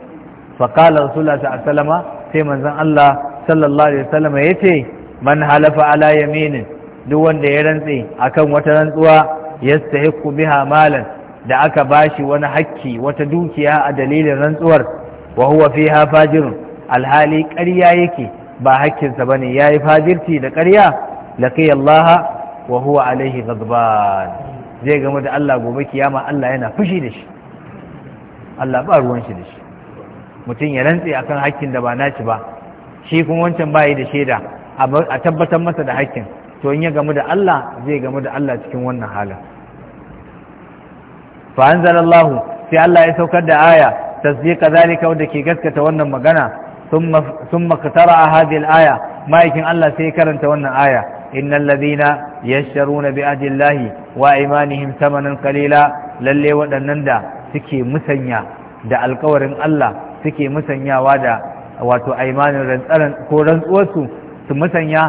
faƙala rasulullah sallallahu sai manzon Allah sallallahu alaihi wasallam ya ce man halafa ala yaminin duk wanda ya rantse akan wata rantsuwa yastahiqu biha malan da aka bashi wani hakki wata dukiya a dalilin rantsuwar wa huwa fiha fajirun alhali ƙarya yake ba hakkinsa bane yayi fajirci da ƙarya laqiya Allah wa huwa alaihi ghadban zai game da Allah gobe kiyama Allah yana fushi da shi Allah ba ruwan shi da shi mutum ya rantse akan hakkin da ba naci ba shi kuma wancan bayi da shaida a tabbatar masa da hakkin to in ya gamu da Allah zai gamu da Allah cikin wannan halin fa anzalallahu sai Allah ya saukar da aya tasdiqa zalika wanda ke gaskata wannan magana thumma thumma qatara hadhihi aya ma'aikin Allah sai karanta wannan aya إن الذين يشترون بأهد الله وإيمانهم ثمنا قليلا للي ودنندا سكي مسنيا دا القورن الله سكي مسنيا ودا واتو أيمان رنسالن كورن وسو سمسنيا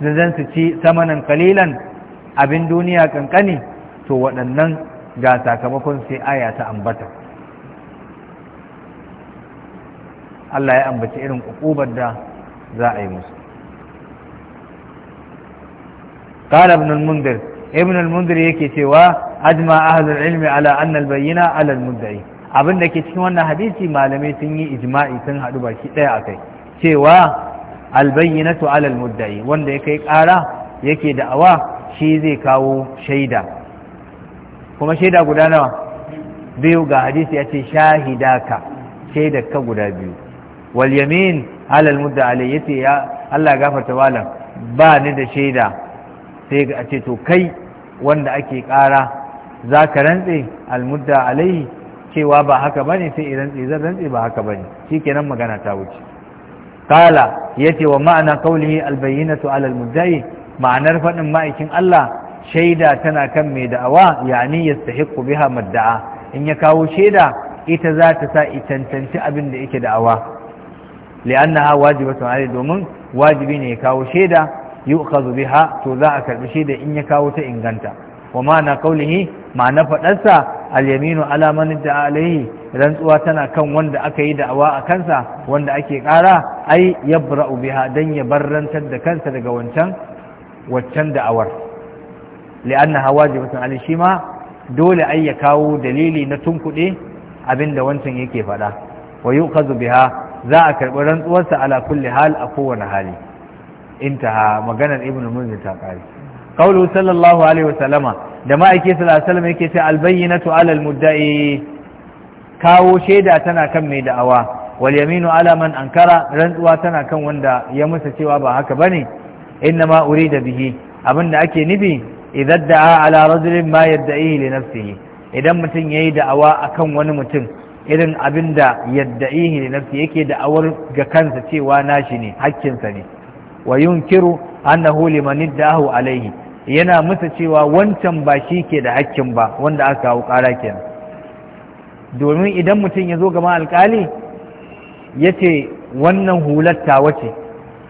سنزن سكي ثمنا قليلا أبن دنيا كنكني تو ودنن ga sakamakon sai aya ta ambata Allah ya ambaci irin ukubar da za a yi musu قال ابن المنذر ابن المنذر yake cewa ajma ahlul ilmi ala anna al-bayyina ala al-mudda'i abin da ke cikin wannan hadisi malamai sun yi ijma'i sun haɗu baki ɗaya a kai cewa albayyinatu ala al-mudda'i wanda ya kai ƙara yake da'awa shi zai kawo shaida kuma shaida guda nawa biyu ga hadisi ya ce shahidaka ka guda biyu wal yamin ala al-mudda'i yace ya Allah gafarta malam ba ni da shaida sai a ce to kai wanda ake kara za ka rantse almudda alaihi cewa ba haka ba ne sai rantse zai rantse ba haka ba ne shi kenan magana ta wuce kala ya ce wa ma'ana kaulihi albayyinatu alal muddai ma'anar faɗin ma'aikin Allah shaida tana kan mai da'awa yani yastahiqqu biha madda'a in ya kawo shaida ita za ta sa itantanci abin da yake da'awa li'annaha wajibatun alai domin wajibi ne ya kawo shaida yu'khadhu biha to za a karbi shi da in ya kawo ta inganta wa ma'ana qawlihi ma'ana fadarsa al-yaminu ala man da'a alayhi rantsuwa tana kan wanda aka yi da'awa a kansa wanda ake kara ai yabra'u biha dan ya barrantar da kansa daga wancan waccan da'awar li'anna wajibatun ali shi ma dole ai ya kawo dalili na tunkuɗe abinda wancan yake faɗa wa yu'khadhu biha za a karɓi rantsuwarsa ala kulli hal a kowane hali intaha maganar ibn munzir ta kare qawlu sallallahu alaihi wasallama da ma'aiki sallallahu alaihi wasallam yake ce albayyinatu ala almudda'i kawo shaida tana kan mai da'awa wal yaminu ala man ankara rantsuwa tana kan wanda ya musa cewa ba haka bane innama urida bihi abinda ake nufi idan da'a ala rajulin ma yadda'ihi li nafsihi idan mutum yayi da'awa akan wani mutum irin abinda yadda'ihi li nafsihi yake da'awar ga kansa cewa nashi ne hakkinsa ne wa yunkiru annahu liman iddahu alaihi yana musu cewa wancan ba shi ke da hakkin ba wanda aka kawo ƙara kenan domin idan mutum ya zo gama alƙali yace wannan hular ta wace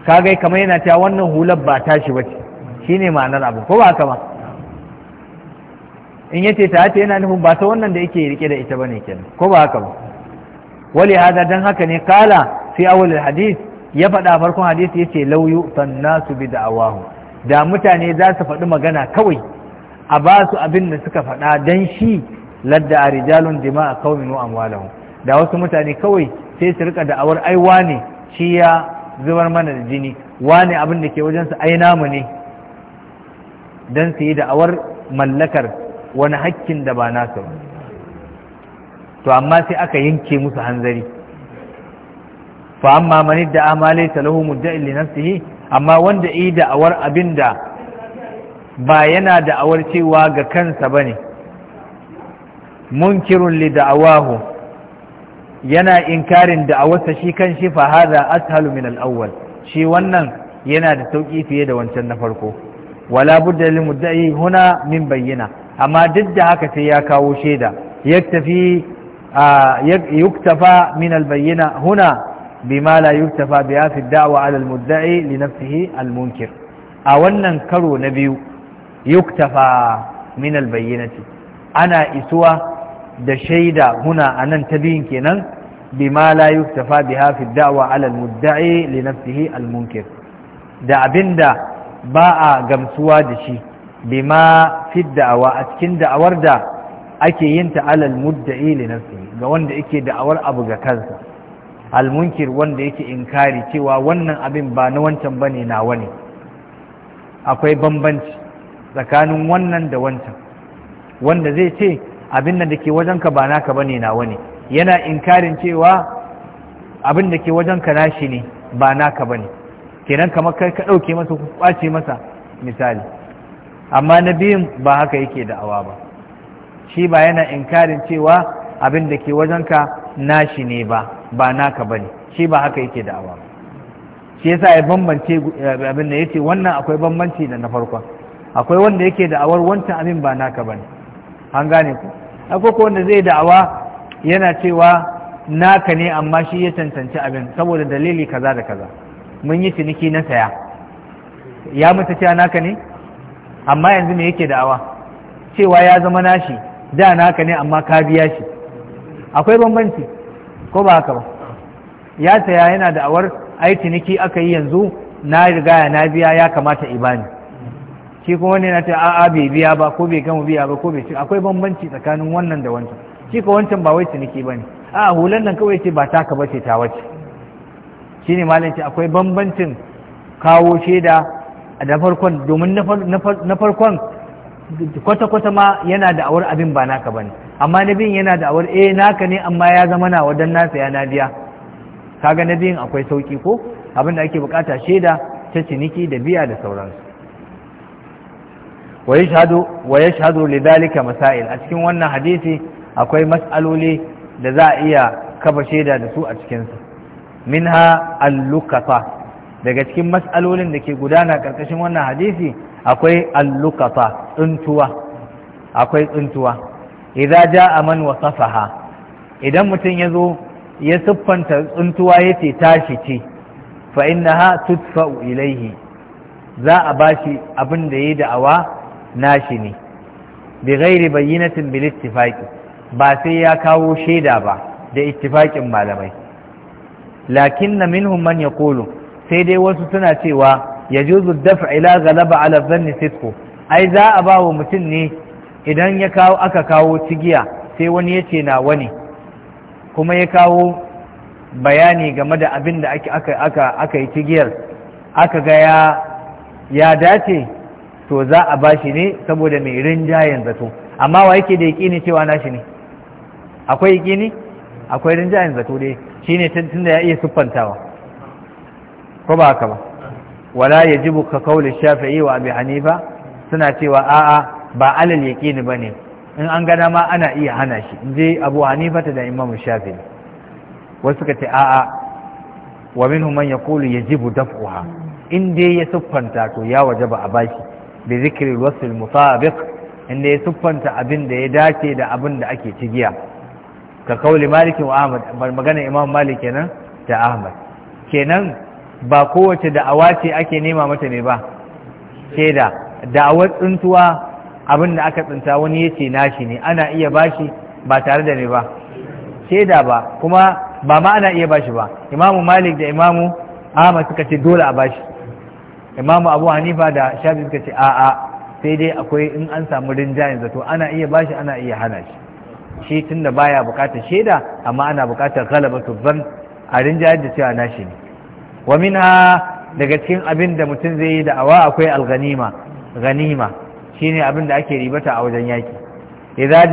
kaga kamar yana cewa wannan hular ba tashi shi wace shine ma'anar abu ko ba kama? in yace ta ta yana nufin ba ta wannan da yake rike da ita bane kenan ko ba haka ba wali hada dan haka ne kala fi awwal hadith ya faɗa farkon hadisi ce lauyu sannasu bi da'awahu da mutane za su faɗi magana kawai a ba su abin da suka faɗa dan shi ladda a rijalun a kawai wa walahu da wasu mutane kawai sai su rika da'awar ai wane shi ya zubar mana da jini wane abin da ke wajen su ai namu ne dan su yi da'awar mallakar wani hakkin da ba nasu to amma sai aka yanke musu hanzari fa amma man idda amali talahu mudda'in li nafsihi amma wanda yi da'awar abinda ba yana da'awar cewa ga kansa bane munkirun li da'awahu yana inkarin da'awarsa shi kan shi fa hadha ashalu min al-awwal shi wannan yana da sauki fiye da wancan na farko wala budda lil mudda'i huna min bayyina amma duk da haka sai ya kawo shaida yaktafi yuktafa min al-bayyina huna bima la yuktafa biya fi da'wa ala al-mudda'i li nafsihi al a wannan karo na biyu yuktafa min al-bayyinati ana isuwa da shaida huna a nan ta biyun kenan bima la yuktafa biha fi da'wa ala al-mudda'i li nafsihi al da abinda ba a gamsuwa da shi bima fi da'awa a cikin da'awar da ake yin ta alal mudda'i li nafsihi ga wanda yake da'awar abu ga kansa almunkir wanda yake inkari cewa wannan abin ba na wancan bane na wani akwai bambanci tsakanin wannan da wancan wanda zai ce abin da ke wajenka ba naka bane na wani yana inkarin cewa abin da ke wajenka nashi ne ba naka bane kenan kamar kai ka ɗauke masa ku kwace masa misali amma na biyun ba haka yake da'awa ba shi ba yana inkarin cewa abin da ke wajenka nashi ne ba ba naka ba ne shi ba haka yake da'awa shi yasa ya bambance abin da yace wannan akwai bambanci da na farkon akwai wanda yake da'awar wancan abin ba naka ba ne an gane ku akwai ko wanda zai da'awa yana cewa naka ne amma shi ya cancanci abin saboda dalili kaza da kaza mun yi ciniki na saya ya mutu cewa naka ne amma yanzu me yake da'awa cewa ya zama nashi da naka ne amma ka biya shi akwai bambanci ko ba haka ba ya saya yana da awar ai ciniki aka yi yanzu na riga na biya ya kamata ibani shi kuma wani yana ta a'a bai biya ba ko bai gama biya ba ko bai ci akwai bambanci tsakanin wannan da wancan shi ko wancan ba wai ciniki ba ne a'a hulan nan kawai ce ba taka ba ce ta wace shi ne malin ce akwai bambancin kawo shaida da farkon domin na farkon kwata-kwata ma yana da awar abin ba naka ba ne amma na biyun yana da awar eh naka ne amma ya zama na wadan nasa ya na biya kaga na biyun akwai sauki ko abinda ake bukata shaida ta ciniki da biya da sauransu wa yashhadu wa yashhadu masail a cikin wannan hadisi akwai mas'aloli da za a iya kafa shaida da su a cikin min minha al daga cikin mas'alolin da ke gudana karkashin wannan hadisi akwai al-lukata tsuntuwa akwai tsuntuwa idza a man wasafaha idan mutum ya zo ya siffanta tsuntuwa yace tashi ce fa innaha tudfa'u ilaihi za a shi abin da yayi da'awa nashi ne bi ghairi bayyinatin bil ittifaqi ba sai ya kawo shaida ba da ittifaqin malamai lakinna minhum man kolo, sai dai wasu suna cewa yajuzu daf'a ila ghalaba ala dhanni sidqu ai za a ba wa mutum ne idan ya kawo aka kawo cigiya sai wani ya ce na wani kuma ya kawo bayani game da abin da aka yi cigiyar aka ga ya dace to za a bashi ne saboda mai rinjayen zato amma wa yake da yaƙi ne cewa nashi ne akwai yaƙi ne? akwai rinjayen zato dai Shi ne tun da ya iya siffantawa ko ba haka ba wala jibu ka kauli shafi'i wa abi hanifa suna cewa a'a ba alal ba ne. in an gana ma ana iya hana shi in je Abu Hanifa da Imam Shafi'i wasu ka ce a'a wa minhum man yaqulu yajibu daf'uha in dai ya siffanta to ya wajaba a bashi bi zikri wasl mutabiq inda ya siffanta abin da ya dace da abin da ake cigiya ka kauli Malik wa Ahmad magana Imam Malik kenan da Ahmad kenan ba kowace da'awa ce ake nema mata ne ba shaida da'awar tsuntuwa abin da aka tsinta wani ya ce nashi ne ana iya bashi ba tare da ne ba shaida ba kuma ba ma ana iya bashi ba imamu malik da imamu ahmad suka ce dole a bashi imamu abu hanifa da shafi suka ce a'a sai dai akwai in an samu rinjayen zato ana iya bashi ana iya hana shi shi tun da baya bukatar shaida amma ana bukatar galabatu zan a rinjayar da cewa nashi ne wa minha daga cikin abin da mutum zai yi da awa akwai alganima ganima shine abin da ake ribata a wajen yaki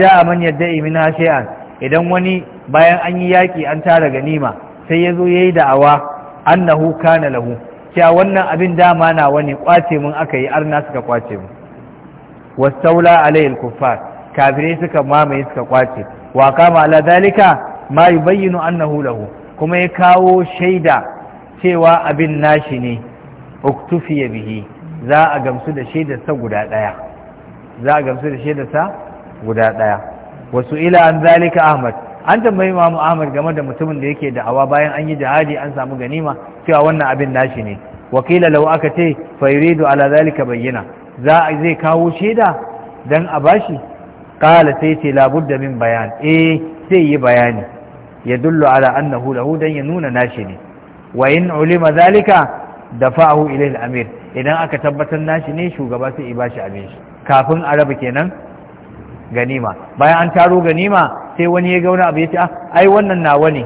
ja a man yadda imin hashe'an idan wani bayan an yi yaki an tara ganima sai ya zo ya yi da'awa annahu kana lahu cewa wannan abin dama na wani kwace mun aka yi arna suka kwace mu wastaula alayhi kuffar kafirai suka mamaye suka kwace wa kama ala dalika ma yubayyinu annahu lahu kuma ya kawo shaida cewa abin nashi ne uktufiya bihi za a gamsu da shaidar sa guda ɗaya. za a gamsu da shaidarsa guda ɗaya wasu ila an zalika ahmad an tambayi imamu ahmad game da mutumin da yake da'awa bayan an yi jihadi an samu ganima cewa wannan abin nashi ne wakila lau aka ce fa ala zalika bayyana za a zai kawo shaida dan a bashi kala sai ce labudda min bayan eh sai yi bayani ya dullu ala annahu lahu dan ya nuna nashi ne wa in ulima zalika dafa'ahu ilal amir idan aka tabbatar nashi ne shugaba sai ya bashi abin shi kafin a raba kenan ganima bayan an taro ganima sai wani ya gauna abu ya ce ah, ai wannan nawa ne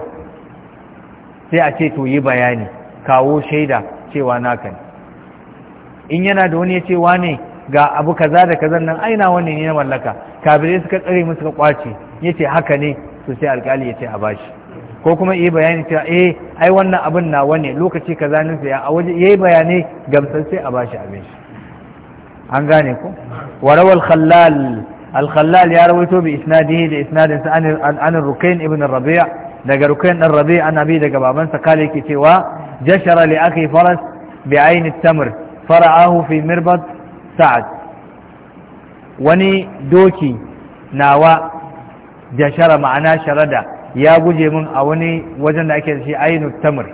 sai a ce to yi bayani kawo shaida cewa naka ne in yana da wani ya ce wane ga abu kaza da kazan nan ai nawa ne na mallaka kabirai suka tsare musu ka kwace ya ce haka ne to sai alkali ya ce a bashi ko kuma yi bayani cewa eh ai wannan abin nawa ne lokaci kaza a ya yi bayani gamsar sai a bashi abin shi an gane ku warawa al-khallal al-khallal ya rawaito bi isnadihi da isnadin an rukayn ibn rabi' daga rukayn ibn rabi' an abi daga babansa kale yake cewa jashara li akhi faras bi ayn tamar tamr fara'ahu fi mirbat sa'ad wani doki nawa jashara ma'ana sharada ya guje mun a wani wajen da ake da shi ainu tamar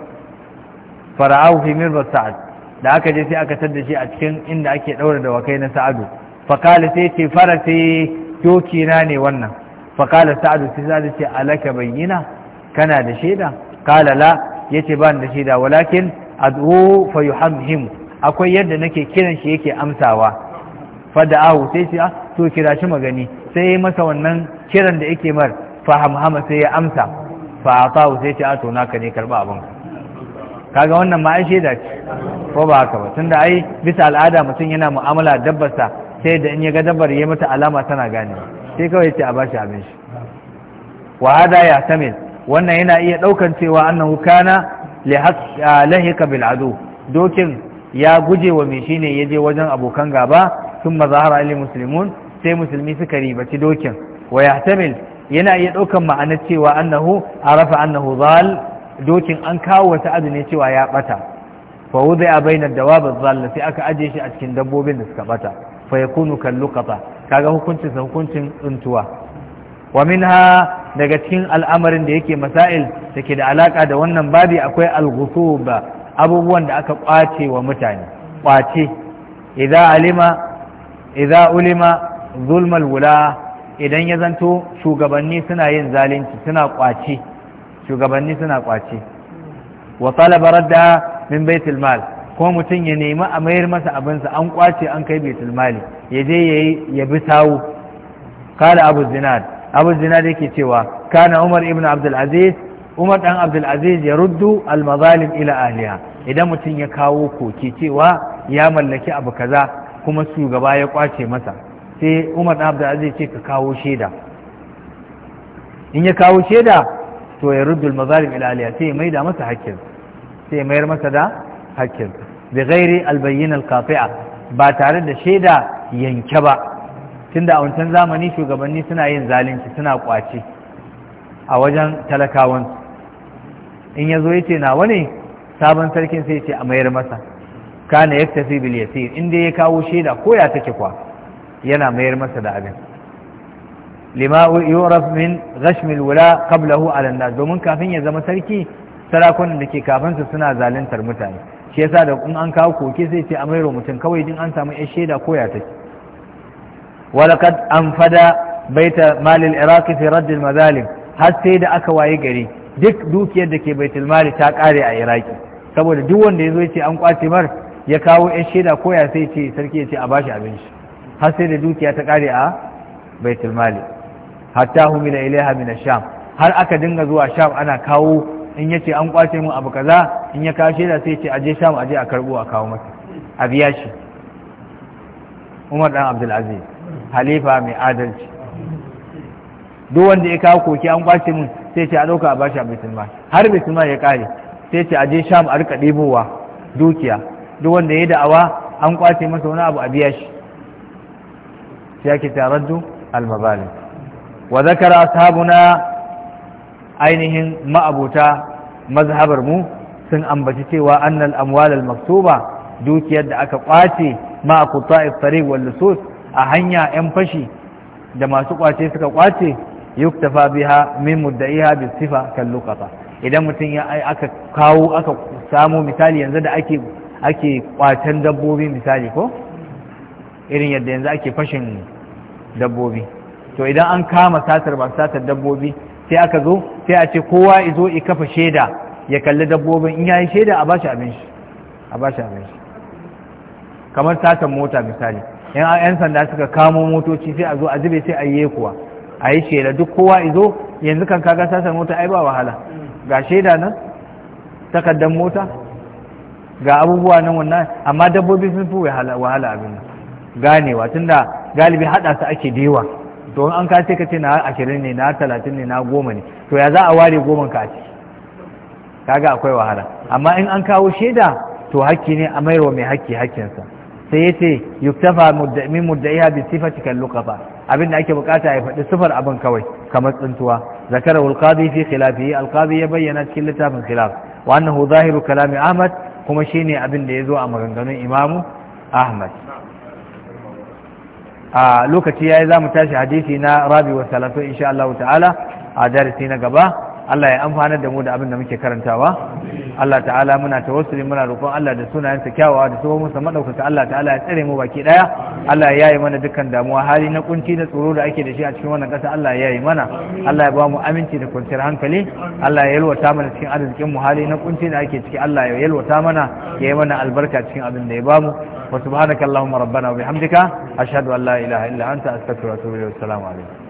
fara'ahu fi mirbat sa'ad da aka je sai aka tadda shi a cikin inda ake ɗaura da wakai na sa'adu fakala sai ce sai doki na ne wannan fakala sa'adu sai sa'adu ce alaka bayyana kana da shaida kalala la ce ba da shaida walakin ad'u fa yuhamhim akwai yadda nake kiran shi yake amsawa ahu sai ce ah, to kira shi magani sai ya masa wannan kiran da yake mar fahamhama sai ya amsa fa atahu sai ce a ah, to naka ne karba abinka kaga wannan ma ai shaida ce ko ba haka ba tunda ai bisa al'ada mutum yana mu'amala dabbarsa sai da in ya ga dabbar ya mata alama tana gane sai kawai yace a bashi abin shi wa hada ya tamil wannan yana iya daukan cewa annahu kana lahika bil adu dokin ya guje wa me shine ya je wajen abokan gaba sun mazahara ilil muslimun sai musulmi suka ribaci dokin wa ya tamil yana iya daukan ma'anar cewa annahu arafa annahu zal dokin an kawo wata azumi cewa ya bata fa wuzai a bainar dawab zalla sai aka ajiye shi a cikin dabbobin da suka bata fa yakunu kalluqata kaga hukuncin sa hukuncin tsuntuwa wa minha daga cikin al'amarin da yake masail take da alaka da wannan babi akwai al ba abubuwan da aka kwace wa mutane kwace idza alima idza ulima zulmal wula idan ya zanto shugabanni suna yin zalunci suna kwace shugabanni suna kwace wa talaba radda min baitul mal ko mutum ya nemi a mayar masa abin sa. an kwace an kai baitul mali ya je yayi ya bi tawo kala abu zinad abu zinad yake cewa kana umar ibn abdul aziz umar dan abdul aziz ya ruddu al mazalim ila ahliha idan mutum ya kawo koke cewa ya mallaki abu kaza kuma shugaba ya kwace masa sai umar dan abdul aziz ce ka kawo shaida in ya kawo shaida to ya ruddul mazalim ila sai ya maida masa hakkin sai ya mayar masa da hakkin bi ghairi albayyin alqati'a ba tare da shaida yanke ba tunda a wancan zamani shugabanni suna yin zalunci suna kwaci a wajen talakawan in yazo yace nawa ne sabon sarkin sai ce a mayar masa kana yaktafi bil yasir inda ya kawo shaida ko ya take kwa yana mayar masa da abin lima yuraf min ghashmil wula qablahu ala domin kafin ya zama sarki sarakunan da ke kafin su suna zaluntar mutane shi yasa da in an kawo koke sai ce a mairo mutum kawai din an samu yar shaida ko ya take walaqad anfada baita malil iraq fi radd al har sai da aka waye gari duk dukiyar da ke baitul ta kare a iraki saboda duk wanda ya zo yace an kwace mar ya kawo yar shaida ko sai ce sarki ya ce a bashi abin shi har sai da dukiya ta kare a baitul hatta humila ilaiha min sham har aka dinga zuwa sham ana kawo in yace an kwace mu abu kaza in ya kashe da sai ce aje sham aje a karbo a kawo masa a biya shi Umar dan Abdul Aziz halifa mai adalci duk wanda ya kawo koki an kwace mu sai ce a dauka a bashi a Baitul har Baitul ya kare sai ce aje sham a rika ɗebowa dukiya duk wanda ya da'awa an kwace masa wani abu a biya shi sai ke taraddu al-mazalim wa zakara ashabuna ainihin ma'abuta mazhabar mu sun ambaci cewa annal amwal al maktuba dukiyar da aka kwace ma quta'if tariq wal a hanya yan fashi da masu kwace suka kwace yuktafa biha min mudda'iha bi sifa kal luqata idan mutum ya aka kawo aka samu misali yanzu da ake kwacen dabbobi misali ko irin yadda yanzu ake fashin dabbobi to idan an kama satar ba satar dabbobi sai aka zo sai a ce kowa izo i kafa shaida ya kalli dabbobin in yayi shaida a bashi abin shi a bashi abin shi kamar satar mota misali in yan sanda suka kamo motoci sai a zo a zube sai a yi kuwa a yi shaida duk kowa izo yanzu kan kaga satar mota ai ba wahala ga shaida nan takardar mota ga abubuwa nan wannan amma dabbobi sun fi wahala abin nan ganewa tunda galibi hada su ake dewa. to an ka ce ka na ashirin ne na talatin ne na goma ne to ya za a ware goma ka a kaga akwai wahala amma in an kawo shaida to hakki ne a mayarwa mai hakki hakkinsa sai ya ce yuktafa min mudda'iha bi sifati kalluqafa abin da ake bukata ya faɗi sifar abin kawai kamar tsintuwa zakara alqadi fi khilafi alqadi ya bayyana cikin littafin khilaf wa annahu zahiru kalami ahmad kuma shine abin da ya zo a maganganun imamu ahmad a lokaci yayi za mu tashi hadisi na rabi wa salatu insha Allah ta'ala a darasi na gaba Allah ya amfanar da mu da abin da muke karantawa Allah ta'ala muna tawassuli muna roƙon Allah da sunayensa kyawawa da sabon musa madaukaka Allah ta'ala ya tsare mu baki daya Allah ya yi mana dukkan damuwa hali na kunci da tsoro da ake da shi a cikin wannan ƙasa Allah ya yi mana Allah ya ba mu aminci da kwanciyar hankali Allah ya yalwata mana cikin arzikin mu hali na kunci da ake ciki Allah ya yalwata mana ya yi mana albarka cikin abin da ya ba mu wa subhanaka allahumma rabbana wa bihamdika ashhadu an la ilaha illa anta astaghfiruka wa atubu ilayk